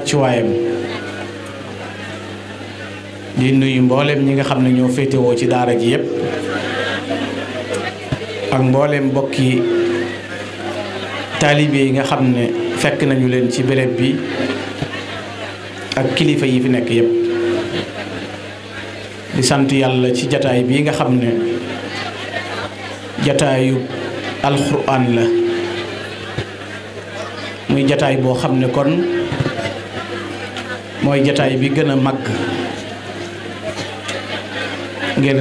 wàccuwaayam di nuyu mbooleem ñi nga xam ne ñoo féetewoo ci daara ji yépp ak mbooleem bokki taalibe yi nga xam ne fekk nañu leen ci béréb bi ak kilifa yi fi nekk yépp di sant yàlla ci jataay bii nga xam ne jataayu alxuraan la muy jataay boo xam ne kon mooy jataay bi gën a mag ngir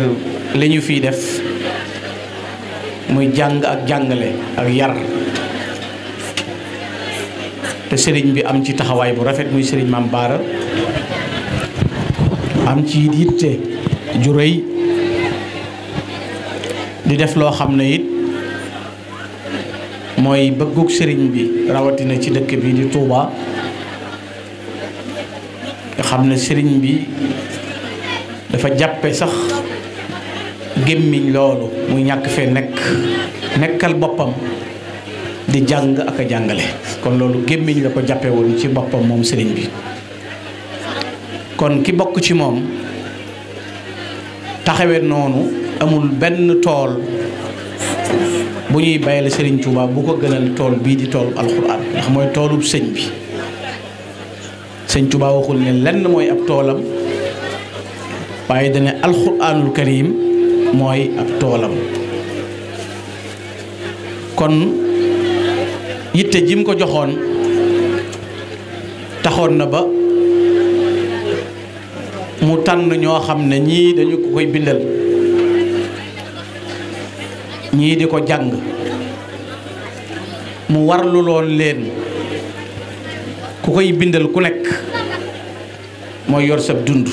li ñu fiy def muy jàng ak jàngale ak yar te sëriñ bi am ci taxawaay bu rafet muy sëriñ Maam Baara am ci yitte ju rëy di def loo xam ne it mooy bëggug sëriñ bi rawatina ci dëkk bi di tuubaa xam ne sëriñ bi dafa jàppe sax gémmiñ loolu muy ñàkk fee nekk nekkal boppam di jàng ak a jàngale kon loolu gémmiñ la ko jàppe ci boppam moom sëriñ bi kon ki bokk ci moom taxawe noonu amul benn tool bu ñuy bayal sëriñ Tuubaa bu ko gënal tool bii di toolu alxuraan ndax mooy toolub sëñ bi sëñ Tuubaa waxul ne lenn mooy ab toolam waaye dane alxuraanul karim mooy ab toolam kon yitte jim ko joxoon taxoon na ba mu tànn ñoo xam ne ñii dañu ko koy bindal ñii di ko jàng mu warlu leen ku koy bindal ku nekk mooy yor sab dund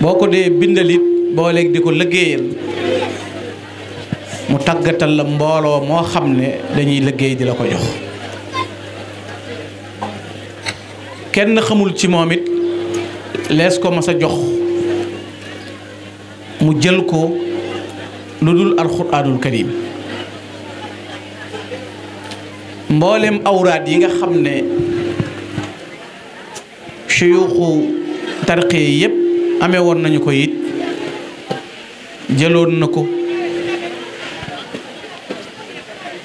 boo ko dee bindalit boo léegi di ko liggéeyal mu tàggatal la mbooloo moo xam ne dañuy liggéey di la ko jox kenn xamul ci moom it lees ko mas a jox mu jël ko lu dul alxuraanul karim mboolem awraad yi nga xam ne suyuuxu tarqiya yépp amee woon nañu ko it jëloon na ko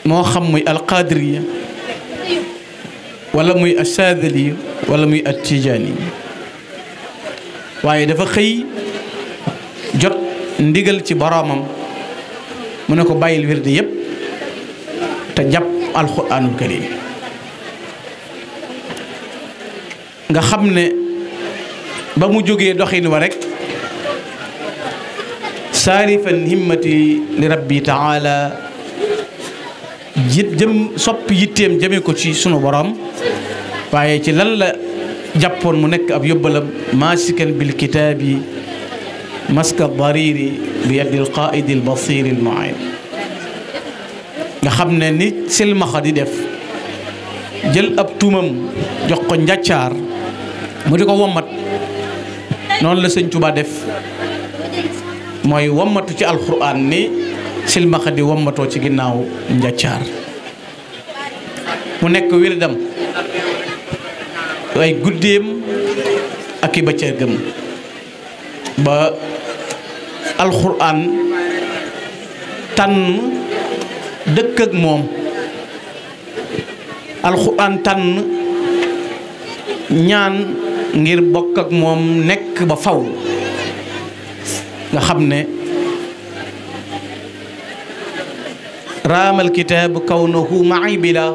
moo xam muy alqadiriya wala muy asaadaliya walla muy yi waaye dafa xëy jot ndigal ci boroomam mu ne ko bàyyil wirdi yépp te jàpp alxuraanul karim nga xam ne ba mu jógee doxin wa rek saarifan himmati li rabbi taala jëm sopp yitteem jëme ko ci sunu borom waaye ci lan la jàppoon mu nekk ab yóbbalam maasikan bil kitaabi maska dariri bi yaddi alqaaidi albasiri almuayin nga xam ne ni silmaxa di def jël ab tuumam jox ko njàccaar mu di ko wommat noonu la sëñ Tuubaa def mooy wommatu ci alxuraan ni silmaxa di wommatoo ci ginnaaw njàccaar mu nekk wirdam ay guddeem ak i bëccëgam ba alxuraan tànn dëkk ak moom alxuraan tànn ñaan ngir bokk ak moom nekk ba faw nga xam ne raamal kitaabu kawnahu maay bila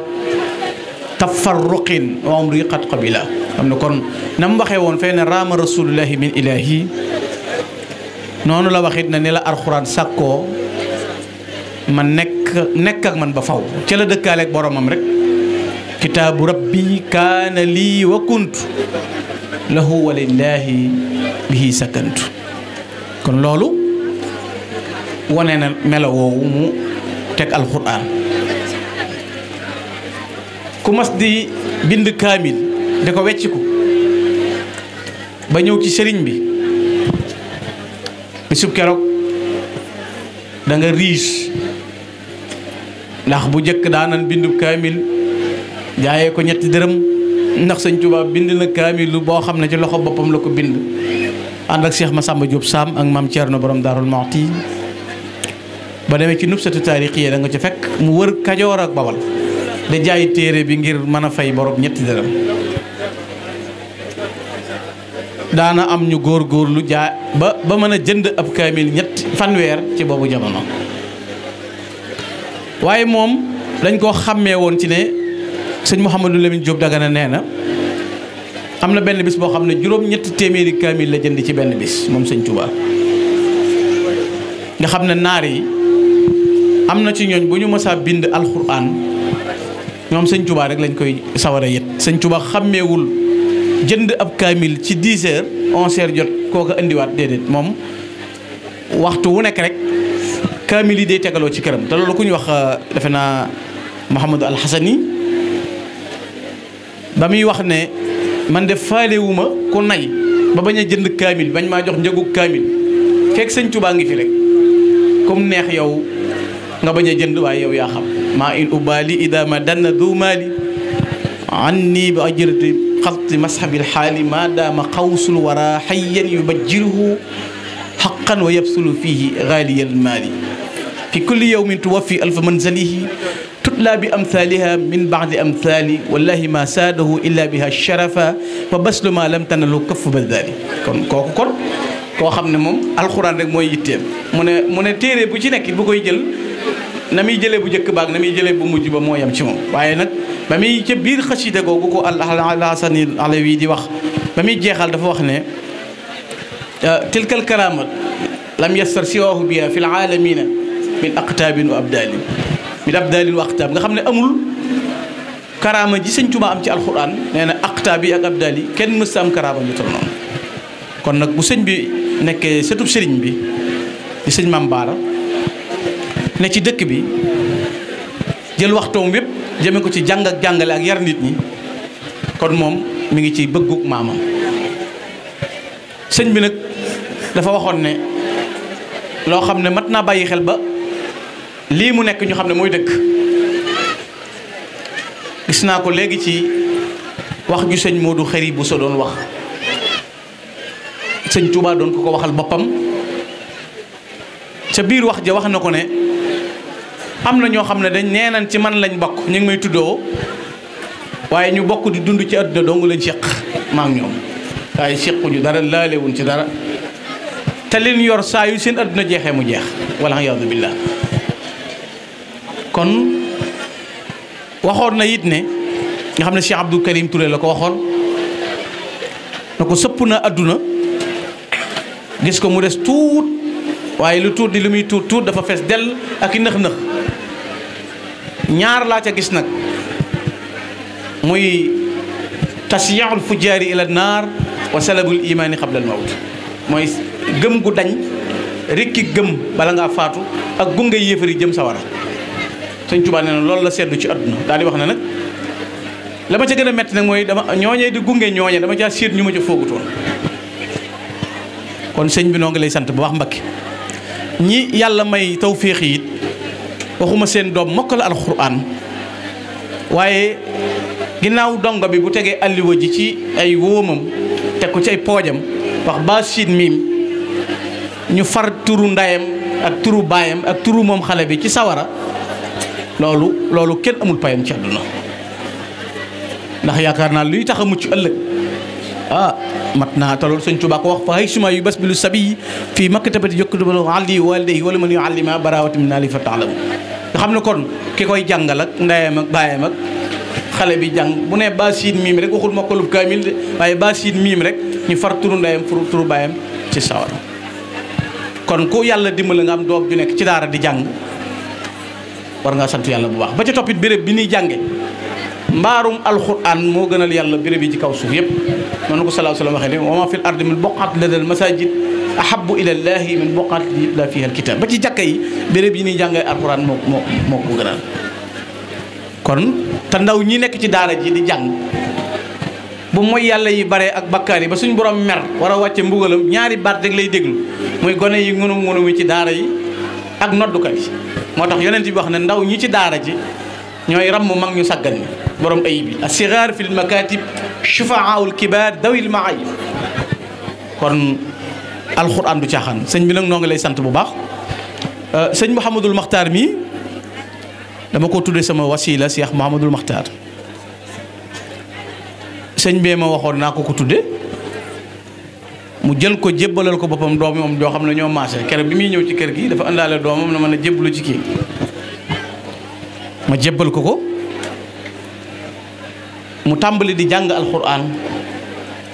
tafarruqin wa umri qad qabila xam ne kon na waxe woon fee ne raama rasulullahi min ilahi noonu la waxit na ni la alxuraan sàkkoo ma nekk nekk man ba faw ca la dëkkaale ak boromam rek kitaabu rabbi lii wa kuntu lahu wa sakantu kon loolu wone na melo woowu mu teg alxuraan ku mas di bind kaamil di ko wecciku ba ñëw ci sëriñ bi bisub keroog danga riis ndax bu njëkk daanan bindub kaamil jaayee ko ñetti dërëm ndax sëñ Tuubaa bind na kaamil boo xam ne ci loxo boppam la ko bind ànd ak ma sàmba Diop Sam ak maam na borom Daarul Muxti ba demee ci nubsatu taarix yi da nga ci fekk mu wër Kajoor ak Bawal da jaay téere bi ngir mën a fay borom ñetti dërëm daana am ñu góor góorlu jaay ba ba mën a jënd ab kaamil ñett fanweer ci boobu jamono waaye moom dañ koo xàmmee woon ci ne sëñ Mouhamadou Lamine Diop Dagana nee na am na benn bis boo xam ne juróom-ñetti téeméeri kaamil la jënd ci benn bis moom sëñ Touba nga xam ne naar yi am na ci ñooñ bu ñu mësaa bind alxuraan ñoom sëñ Touba rek lañ koy sawar a yët sëñ Touba xàmmeewul jënd ab kaamil ci 10 heures 11 jot kooka indiwaat déedéet moom waxtu wu nekk rek. kaamil yi day tegaloo ci këram te loolu ku ñu wax euh, defe naa Mouhamadou Al Hassani ba muy wax ne man de faalewuma ku nay ba bañ a jënd kaamil bañ maa jox njëgu kaamil fekk sëñ Tuubaa ngi fi rek comme neex yow nga bañ a jënd waaye yow yaa xam maa in ubaali ida ma danna du maali anni bi ajrati xalti mashabil xaali ma daama xawsul wara xayyan yubajjiruhu حقا ويبسل فيه غالي المال في كل يوم توفي ألف منزله تتلى بأمثالها من بعد أمثال والله ما ساده إلا بها xam ne moom alxuraan rek mooy yitteem mu ne mu ne téere bu ci nekk bu koy jël na muy jëlee bu njëkk baag na muy jëlee bu mujj ba moo yem ci moom waaye nag ba di wax ba muy jeexal dafa wax ne tilkal karaamat lam yassar siwaahu biha fi laalamina min aqtaabin wa abdaalin min abdaalin wa aqtaab nga xam ne amul karaama ji sëñ Tuubaa am ci alxuraan nee na aqtaab yi ak abdaal yi kenn mës am karaama ñu kon nag bu sëñ bi nekkee sëtub sëriñ bi di sëñ Baara ne ci dëkk bi jël waxtoom yépp jëme ko ci jàng ak jàngale ak yar nit ñi kon moom mu ngi ci bëgguk maamam sëñ bi nag dafa waxoon ne loo xam ne mat naa bàyyi xel ba lii mu nekk ñu xam ne mooy dëkk gis naa ko léegi ci wax ju sëñ Modou Xëri bu sa doon wax sëñ Touba doon ko ko waxal boppam ca biir wax ja wax na ko ne am na ñoo xam ne dañ nee neenan ci man lañ bokk ñu ngi may tuddoo waaye ñu bokk di dund ci àdduna dong lañ séq maa ngi ñoom waaye séquñu dara laalewuñ ci dara te leen yor saa yu seen adduna jeexee mu jeex wala yaadu billah kon waxoon na it ne nga xam ne Cheikh Abdou Karim Touré la ko waxoon na ko sëpp na adduna gis ko mu des tuut waaye lu tuut di lu muy tuut tuut dafa fees dell ak i nëx-nëx ñaar laa ca gis nag muy tasyaxul fujjaari ila naar wa salabul imaani qabla al gëm gu dañ rikki gëm bala ngaa faatu ak gunge yéefar jëm sawara sëñ Tuubaa nee na loolu la seddu ci àdduna daal di wax na nag la ma ca gën a métti nag mooy dama ñooñee di gunge ñooñe dama caa séet ñu ma ca foogutoon kon sëñ bi noo ngi lay sant bu wax Mbakke ñi yàlla may tawféex yi waxuma seen doom mokkal alxuraan waaye ginnaaw dongo bi bu tegee alliwa ji ci ay wóomam teg ko ci ay poojam wax ba siit miim ñu far turu ndayam ak turu baayam ak turu moom xale bi ci sawara loolu loolu kenn amul payam ci àdduna ndax yaakaar naa luy tax a mucc ëllëg ah mat naa te loolu sëñ Tuubaa ko wax fa hay suma yu bas bi lu sabi fii maktabati yokkutubalu alli walideyi wala man yu allima barawati min ali fa taalamu nga xam ne kon ki koy jàngal ak ndeyam ak baayam ak xale bi jàng mu ne baasin miim rek waxul mokkalub kaamil de waaye baasin miim rek ñu far turu ndeyam furu turu ci sawar kon ku yàlla dimbali nga am doom ju nekk ci daara di jàng war nga sant yàlla bu baax ba ca toppit béréb bi nuy jànge mbaarum alxuraan moo gënal yàlla béréb yi ci kaw suuf yëpp noonu ko salaa salaam waxee ne wa ma fil ardi min boqaat ladal masajid ahabu ilallahi min boqaat la fiha alkitab ba ci jàkka yi béréb yi nuy jàngee alxuraan moo moo moo ko gënal kon te ndaw ñi nekk ci daara ji di jàng bu mooy yàlla yi bare ak bakkaar yi ba suñ borom mer war a wàcce mbugalam ñaari baat rek lay déglu muy gone yi ngunum ngunum yi ci daara yi ak noddukat yi moo tax yonent bi wax na ndaw ñi ci daara ji ñooy ramm mag ñu saggan ni borom ayib yi asigaar fil makatib shufaaul kibaar dawil maayib kon alxuraan du caaxaan sëñ bi nag noo lay sant bu baax euh, sëñ Mouhamadul maxtaar mi dama ko tuddee sama wasila Cheikh Mouhamadul Makhtar sëñ bee ma waxoon naa ko ko tudde mu jël ko jébbalal ko boppam doom moom joo xam ne ñoo maase keroog bi muy ñëw ci kër gi dafa àndaale doomam na mën a jébbalu ci kii ma jébbal ko ko mu tàmbali di jàng alxuraan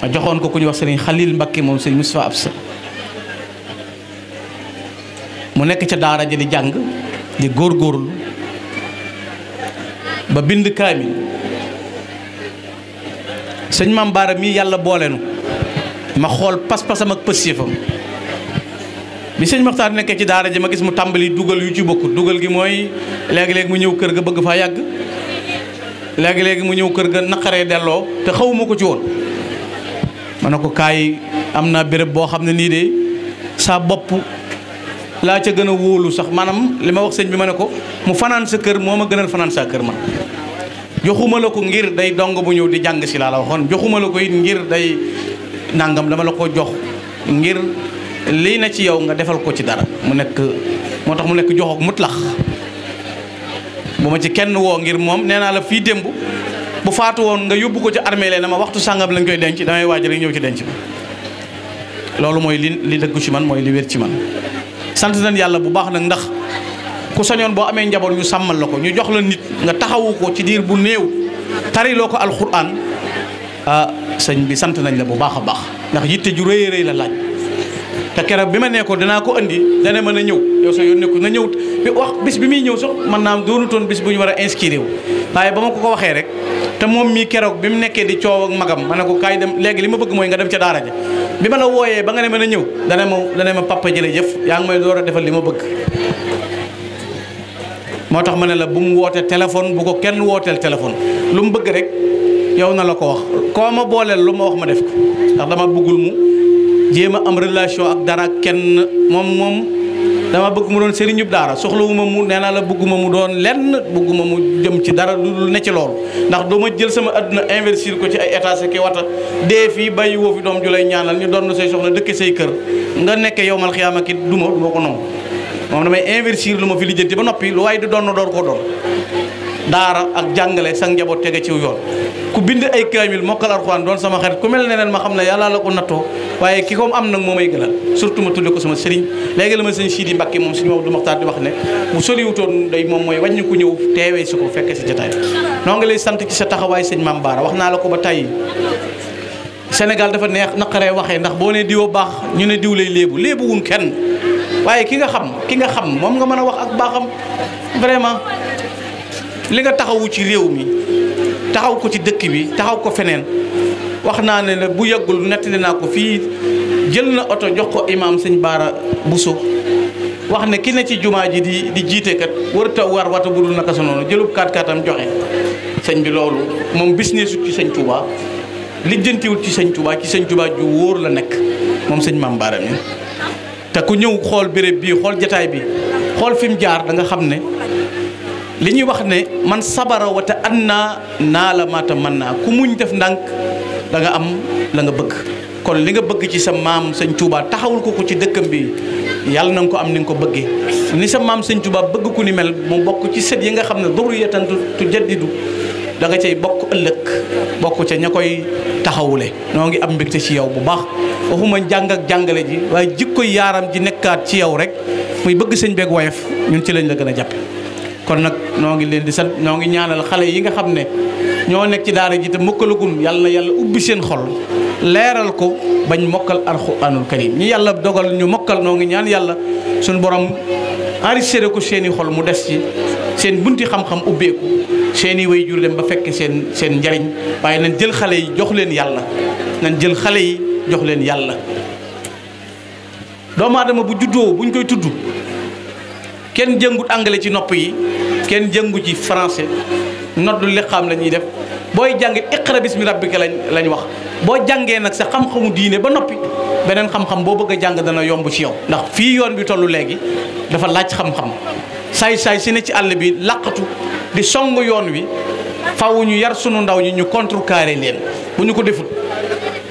ma joxoon ko ku ñuy wax sëriñ Xalil mbakki moom sëriñ Moustapha Absa mu nekk ca daara ja di jàng di góorul ba bind kaamil sëñ Maam Baara mii yàlla boole nu ma xool pas-pasam ak pësséefam bi sëñ Maxtaar nekkee ci daara ji ma gis mu tàmbali dugal yu ci bokk dugal gi mooy léegi-léegi mu ñëw kër ga bëgg faa yàgg léegi-léegi mu ñëw kër ga naqaree delloo te xawuma ko ci woon ma ne ko kaay am naa béréb boo xam ne nii de saa bopp laa ca gën a wóolu sax maanaam li ma wax sëñ bi ma ne ko mu fanaan sa kër moo ma gënal fanaan saa kër ma joxuma la ko ngir day dong bu ñëw di jàng si laa la waxoon joxuma la ko it ngir day nàngam dama la ko jox ngir lii na ci yow nga defal ko ci dara mu nekk moo tax mu nekk joxoog mutlax bu ma ci kenn woo ngir moom nee naa la fii démb bu faatu woon nga yóbbu ko ci armée lee na ma waxtu sàngam lañ koy denc damay waaj rek ñëw ci denc loolu mooy li li dëggu ci man mooy li wér ci man sant nañ yàlla bu baax nag ndax ku sañoon boo amee njaboot ñu sàmmal la ko ñu jox la nit nga taxawu ko ci diir bu néew tariloo ko alxuraan ah sëñ bi sant nañ la bu baax a baax ndax yitte ju rëy rëy la laaj te keroog bi ma nekkoo ko danaa ko indi dana mën a ñëw yow sa yoon nekku na ñëw wax bis bi muy ñëw sax man naam doonutoon bis bu ñu war a inscrire wu waaye ba ma ko ko waxee rek te moom mii keroog bi mu nekkee di coow ak magam ma ne ko kaay dem léegi li ma bëgg mooy nga dem ca daara ja bi ma la wooyee ba nga ne mën ñëw dana ma dana ma papa jërëjëf yaa ngi may door a defal li ma bëgg moo tax ma ne la bu mu wootee téléphone bu ko kenn wooteel téléphone lu mu bëgg rek yow na la ko wax koo ma booleel lu ma wax ma def ko ndax dama bëggul mu jéem a am relation ak dara kenn moom moom dama bëgg mu doon sëriñub daara soxlawuma mu nee naa la bëgguma mu doon lenn bëgguma mu jëm ci dara lu ne ci loolu ndax du ma jël sama àdduna investir ko ci ay état ki wata dee fii bàyyi woo fi doom ju lay ñaanal ñu doon say soxna dëkk say kër nga nekk yow mal xiyaama ki duma duma ko noonu moom damay investir lu ma fi lijjanti ba noppi lu waaye di doon na door koo doon daara ak jàngale sa njaboot tege ci yoon ku bind ay kaamil mokkal alxuraan doon sama xarit ku mel ne ma xam ne yàlla la ko nattoo waaye ki koom am nag moo may gënal surtout ma tudde ko sama sëriñ léegi la ma sëñ sii Sidi Mbàkke moom suñu Abdou Maxtaar di wax ne bu soliwutoon day moom mooy wàññi ku ñëw teewee si ko fekkee si jotaay noo ngi lay sant ci sa taxawaay sëñ Maam wax naa ko ba tey Sénégal dafa neex naqaree waxee ndax boo ne diw baax ñu ne diw lay léebu léebu kenn waaye ki nga xam ki nga xam moom nga mën a wax ak baaxam vraiment li nga taxawu ci réew mi taxaw ko ci dëkk bi taxaw ko feneen wax naa ne bu yàggul ne naa ko fii jël na oto jox ko imaam sëñ Baara bu Bousso wax ne ki ne ci jumaa ji di di jiite kat warut a war wata budul naka sa noonu jëlub kaat kaatam joxe sëñ bi loolu moom businessu ci sëñ Touba lijjantiwul ci sëñ Touba ci sëñ Touba ju wóor la nekk moom sëñ Maam Baara mi te ku ñëw xool béréb bii xool jataay bi xool fi mu jaar da nga xam ne li ñuy wax ne man sabara wata an naa naa la maata mën naa ku muñ def ndànk danga am la nga bëgg kon li nga bëgg ci sa maam sëñ Touba taxawul ko ko ci dëkkam bi yàlla na nga ko am ni nga ko bëggee ni sa maam sëñ Touba bëgg ku ni mel mu bokk ci set yi nga xam ne duru yetan tu jaddidu da nga cay bokk ëllëg bokk ca ña koy taxawule noo ngi am mbégte ci yow bu baax waxuma jàng ak jàngale ji waaye jikko yaaram ji nekkaat ci yow rek muy bëgg sëñ beeg woyof ñun ci lañ la gën a jàppe kon nag noo ngi leen di sant noo ngi ñaanal xale yi nga xam ne ñoo nekk ci daara ji te mokkalagum yàlla yàlla ubbi seen xol leeral ko bañ mokkal alxuraanul karim ñi yàlla dogal ñu mokkal noo ngi ñaan yàlla suñu borom enrichiré ko seen i xol mu des ci seen bunti xam-xam ubbeeku seen i jur dem ba fekk seen seen njariñ waaye nañ jël xale yi jox leen yàlla nañ jox leen yàlla doomu aadama bu juddoo buñ koy tudd kenn jëngut anglais ci nopp yi kenn jëngu ci français noddu liqaam la ñuy def booy jàngit iqra bismi rabbika lañ lañ wax boo jàngee nag sa xam-xamu diine ba noppi beneen xam-xam boo bëgg a jàng dana yomb ci yow ndax fii yoon bi tollu léegi dafa laaj xam-xam saay-saay si ne ci àll bi laqatu di song yoon wi faw ñu yar sunu ndaw ñi ñu contrecarrer leen bu ñu ko deful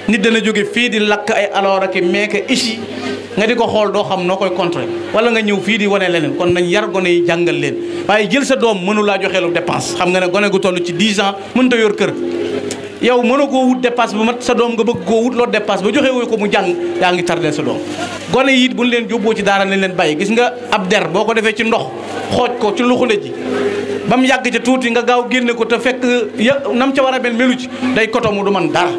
nit dana jóge fii di lakk ay alors ak meeke ici nga di ko xool doo xam noo koy contrôler wala nga ñëw fii di wane leneen kon nañ yar gone yi jàngal leen waaye jël sa doom mënu laa joxe lu dépense xam nga ne gone gu toll ci 10 ans mënut a yor kër. yow mënoo koo wut dépasse bu mat sa doom nga bëgg koo wut loolu dépasse joxe woo ko mu jàng yaa ngi tardé sa doom gone yi it buñ leen yóbboo ci daara lañ leen bàyyi gis nga ab der boo ko defee ci ndox xooj ko ci luxule ji ba mu yàgg ca tuuti nga gaaw génne ko te fekk ya nam ca war a mel melu ci day koto mu du man dara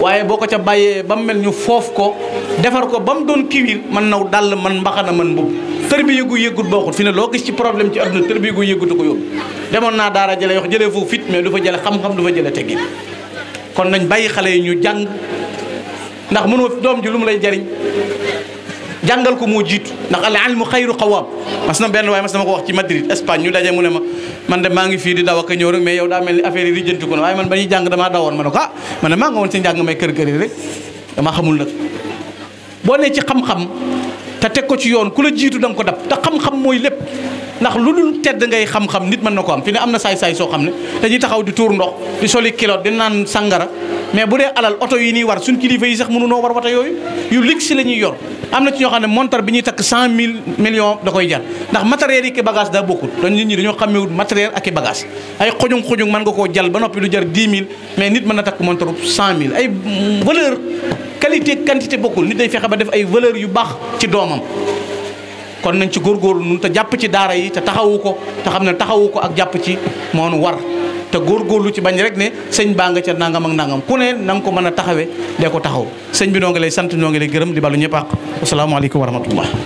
waaye boo ko ca bàyyee ba mu mel ñu foofu ko defar ko ba mu doon kiwiir man naw dàll man mbaxana man mbubb tërbiya gu yëggut baaxut fi ne loo gis ci problème ci àdduna tërbiya gu yëggutu ko yóbbu demoon naa daara jële wax jëlee foofu fit mais du fa jële xam-xam du fa jële teggin kon nañ bàyyi xale yi ñu jàng ndax mënoo doom ji lu mu lay jariñ jàngal ko moo jiit ndax al ilmu xayru qawaam mas na benn waaye mas na ma ko wax ci Madrid Espagne ñu daje mu ne ma man de maa ngi fii di daw a ñëw rek mais yow daa mel ni affaire yi lijjanti ko na waaye man ba ñuy jàng damaa dawoon ma ne ko ah man ne maa nga woon si njàng may kër kër yi rek damaa xamul nag boo ne ci xam-xam te teg ko ci yoon ku la jiitu da nga ko dab te xam-xam mooy lépp ndax lu dul tedd ngay xam-xam nit mën na ko am fi ne am na saay-saay soo xam ne dañuy taxaw di tuur ndox di soli kilote di naan sangara mais bu dee alal oto yi nii war suñ kilifa yi sax mënunoo war wata yooyu yu luxe la ñuy yor am na ci ñoo xam ne montar bi ñuy takk cent mille millions da koy jar ndax matériel yi ki bagage daa bokkul dañ nit ñi dañoo xamewut matériel ak i bagage ay xojung xojung mën nga koo jal ba noppi du jar dix mille mais nit mën na takk montaru cent mille ay valeur qualité quantité bokkul nit day fexe ba def ay valeur yu baax ci doomam kon nañ ci góorgóorlu nun te jàpp ci daara yi te taxawu ko te xam ne taxawu ko ak jàpp ci moo nu war te góor góorgóorlu ci bañ rek ne sëñ baa nga ca nangam ak nangam ku ne na nga ko mën a taxawee dee ko taxaw sëñ bi noo ngi lay sant noo ngi lay gërëm di balu ñëpp àq asalaamaaleykum wa rahmatullah